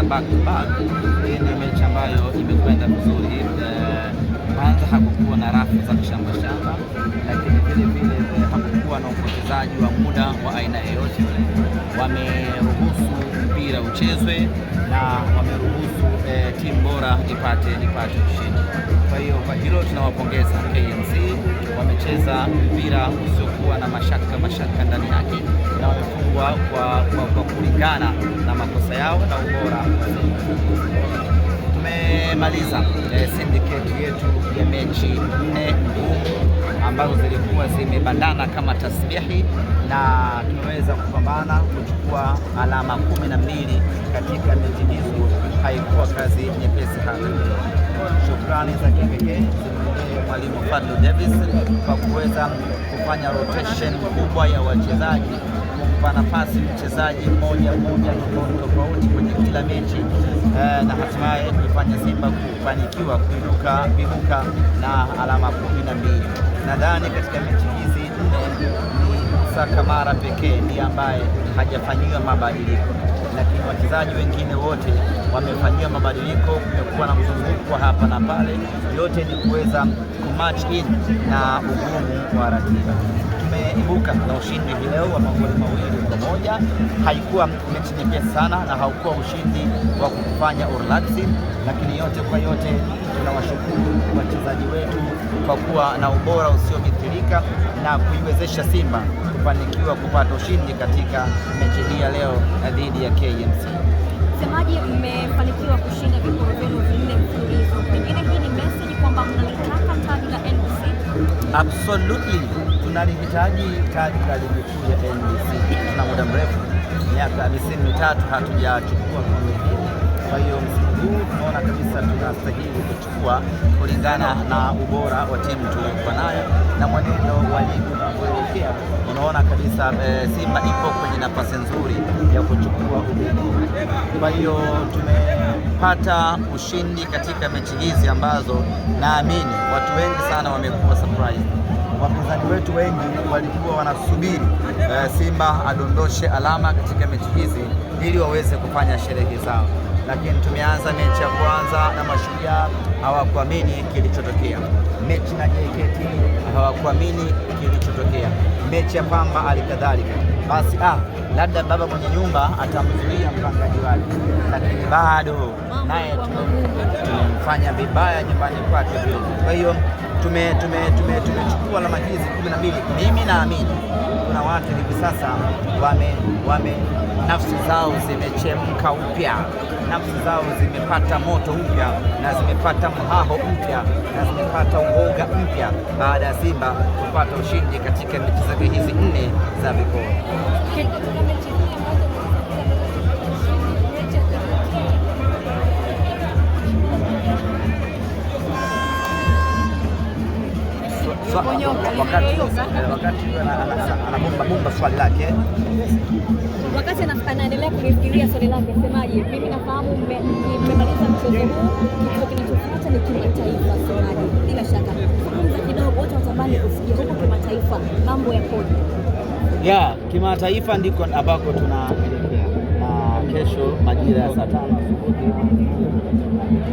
za back to back. Hii ndio mechi ambayo imekwenda vizuri. Eh, kwanza hakukuwa na rafu za kishamba shamba, lakini vile vile eh, hakukuwa na upotezaji wa muda wa aina yoyote. Wameruhusu mpira uchezwe na wame ipate ipate ushindi. Kwa hiyo kwa hilo tunawapongeza KMC, wamecheza mpira usiokuwa na mashaka mashaka ndani yake na wamefungwa kwa, kwa, kwa kulingana na makosa yao na ubora. Tumemaliza eh, syndicate yetu ya mechi eh, ambazo zilikuwa zimebandana kama tasbihi, na tumeweza kupambana kuchukua alama kumi na mbili katika mechi hizo. Haikuwa kazi nyepesi hata Shukrani za kipekee mwalimu Fadlu Davis kwa kuweza kufanya rotation kubwa ya wachezaji kumpa nafasi mchezaji mmoja mmoja tofauti tofauti kwenye kila mechi eh, na hatimaye kuifanya Simba kufanikiwa kuinuka vivuka na alama kumi na mbili nadhani katika mechi hizi ni Sakamara pekee ni ambaye hajafanyiwa mabadiliko, lakini wachezaji wengine wote wamefanyiwa mabadiliko. Kumekuwa na mzunguko hapa na pale, yote ni kuweza kumatch in na ugumu wa ratiba tumeibuka na ushindi hii leo wa magoli mawili kwa moja. Haikuwa mechi nyepesi sana na haukuwa ushindi wa kufanya urlaksi, lakini yote kwa yote tunawashukuru wachezaji wetu kwa kuwa na ubora usiomithilika na kuiwezesha Simba kufanikiwa kupata ushindi katika mechi hii ya leo dhidi ya KMC. Semaji, mmefanikiwa kushinda vikombe vyenu vinne mfululizo, pengine hii ni message kwamba mnalitaka taji la NBC? Absolutely tunalihitaji taji la ligi kuu ya NBC. Tuna muda mrefu, miaka 53 hatujachukua kombe hili, kwa hiyo huu tunaona kabisa tunastahili kuchukua kulingana na ubora wa timu tuliokuwa nayo na mwenendo wa ligi kuelekea. Unaona kabisa e, Simba ipo kwenye nafasi nzuri ya kuchukua ubingwa. Kwa hiyo tumepata ushindi katika mechi hizi ambazo naamini watu wengi sana wamekuwa surprise wapinzani wetu wengi walikuwa wanasubiri e, Simba adondoshe alama katika mechi hizi ili waweze kufanya sherehe zao lakini tumeanza mechi ya kwanza na Mashujaa hawakuamini kilichotokea. Mechi na JKT hawakuamini kilichotokea. Mechi ya Pamba alikadhalika. Basi ah, labda baba mwenye nyumba atamzuia mpangaji wake, lakini bado naye tumemfanya vibaya nyumbani kwake vile. Kwa hiyo tumechukua tume, tume, tume alama hizi kumi na mbili. Mimi naamini kuna watu hivi sasa wame, wame nafsi zao zimechemka upya, nafsi zao zimepata moto upya na zimepata mhaho mpya na zimepata uoga mpya baada ya Simba kupata ushindi katika zake hizi nne za vikombe. wakati anabomba swali lake, wakati anaendelea kulifikiria swali lake, semaje? Mimi nafahamu mmemaliza mchezo huu, kinachofuata ni kimataifa, semaje? Bila shaka kidogo, watamani kusikia huko kimataifa mambo yakoje? Ya kimataifa ndiko ambako tuna kesho majira ya saa tano asubuhi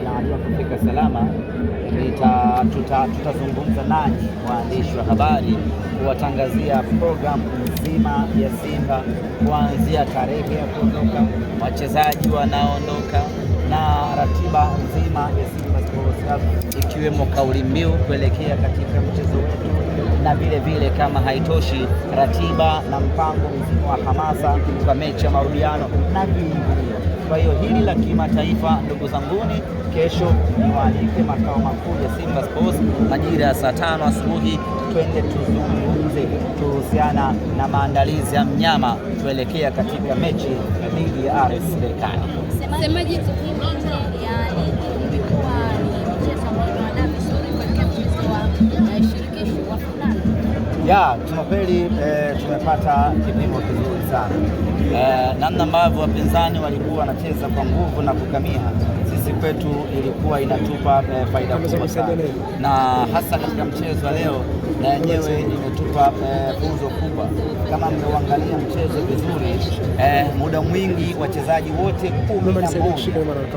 na kufika salama, tutazungumza nanyi waandishi wa habari kuwatangazia programu nzima ya Simba kuanzia tarehe ya kuondoka, wachezaji wanaondoka na ratiba nzima ya Simba Sports Club ikiwemo kauli mbiu kuelekea katika mchezo wetu na vile vile kama haitoshi, ratiba na mpango mzima wa hamasa kwa mechi ya marudiano na viingilio. Kwa hiyo hili la kimataifa, ndugu zanguni, kesho niwaalike makao makuu ya Simba Sports majira ya saa tano asubuhi, twende tuzungumze, kuhusiana na maandalizi ya mnyama kuelekea katika mechi dhidi ya RS Berkane. Ya, kusema kweli eh, tumepata kipimo kizuri sana eh, namna ambavyo wapinzani walikuwa wanacheza kwa nguvu na kukamia sisi kwetu ilikuwa inatupa eh, faida kubwa sana, na hasa katika mchezo wa leo na yenyewe imetupa eh, funzo eh, kubwa. Kama mmeuangalia mchezo vizuri eh, muda mwingi wachezaji wote kumi na moja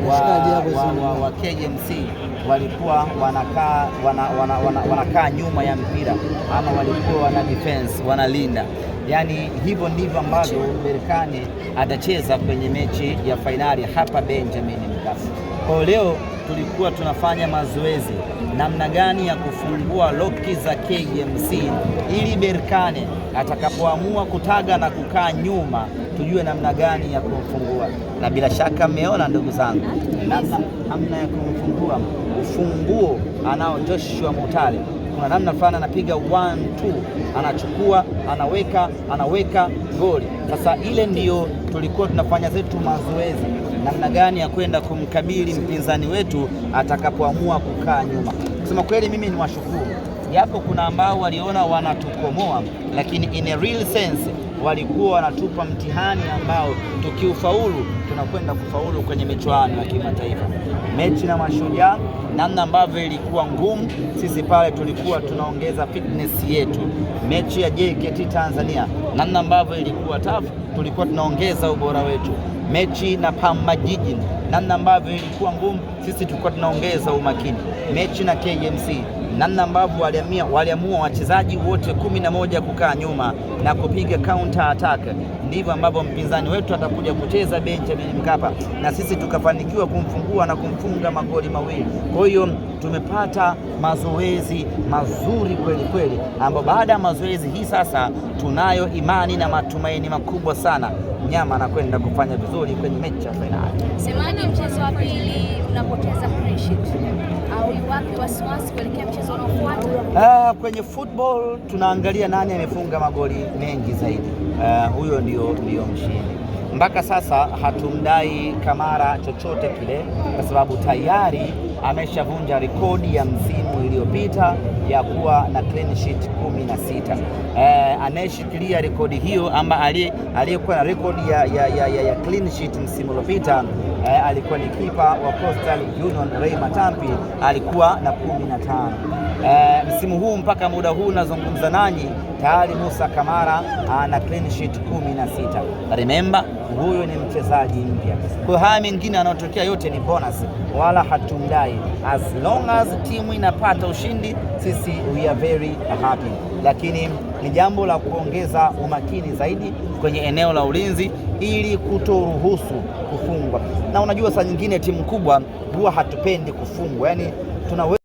wa, wa, wa, wa KMC walikuwa wanakaa wana, wana, wana, wanakaa nyuma ya mpira ama walikuwa wana defense wanalinda. Yaani hivyo ndivyo ambavyo Berkane atacheza kwenye mechi ya fainali hapa Benjamin Mkapa. Kwa leo tulikuwa tunafanya mazoezi namna gani ya kufungua loki za KMC ili Berkane atakapoamua kutaga na kukaa nyuma tujue namna gani ya kumfungua, na bila shaka mmeona ndugu zangu, namna namna ya kumfungua ufunguo anao Joshua Mutale kuna namna fulani anapiga one two, anachukua anaweka anaweka goli. Sasa ile ndiyo tulikuwa tunafanya zetu mazoezi, namna gani ya kwenda kumkabili mpinzani wetu atakapoamua kukaa nyuma. Kusema kweli, mimi ni washukuru, yapo kuna ambao waliona wanatukomoa, lakini in a real sense walikuwa wanatupa mtihani ambao tukiufaulu tunakwenda kufaulu kwenye michuano ya kimataifa. Mechi na Mashujaa, namna ambavyo ilikuwa ngumu, sisi pale tulikuwa tunaongeza fitness yetu. Mechi ya JKT Tanzania, namna ambavyo ilikuwa tafu tulikuwa tunaongeza ubora wetu. Mechi na Pamba Jijini, namna ambavyo ilikuwa ngumu, sisi tulikuwa tunaongeza umakini. Mechi na KMC namna ambavyo waliamua wachezaji wote kumi na moja kukaa nyuma na kupiga counter attack, ndivyo ambavyo mpinzani wetu atakuja kucheza Benjamin Mkapa na sisi tukafanikiwa kumfungua na kumfunga magoli mawili. Kwa hiyo tumepata mazoezi mazuri kweli kweli, ambapo baada ya mazoezi hii sasa tunayo imani na matumaini makubwa sana na kwenda kufanya vizuri kwenye mechi ya fainali. Semani, mchezo wa pili unapoteza clean sheet au iwapi wasiwasi kuelekea mchezo unaofuata? Uh, kwenye football tunaangalia nani amefunga magoli mengi zaidi, ah, huyo ndio ndio mshindi. Mpaka sasa hatumdai Kamara chochote kile, kwa sababu tayari ameshavunja rekodi ya msimu iliyopita ya kuwa na clean sheet kumi na sita. E, anayeshikilia rekodi hiyo ama aliyekuwa na rekodi ya, ya, ya, ya clean sheet msimu uliopita e, alikuwa ni kipa wa Coastal Union Ray Matampi, alikuwa na kumi na tano. Eh, msimu huu mpaka muda huu nazungumza nanyi tayari Musa Kamara ah, ana clean sheet kumi na sita. Remember, huyo ni mchezaji mpya. Kwa hiyo haya mengine yanayotokea yote ni bonus, wala hatumdai. As long as timu inapata ushindi, sisi we are very happy, lakini ni jambo la kuongeza umakini zaidi kwenye eneo la ulinzi ili kutoruhusu kufungwa. Na unajua saa nyingine timu kubwa huwa hatupendi kufungwa, yani tuna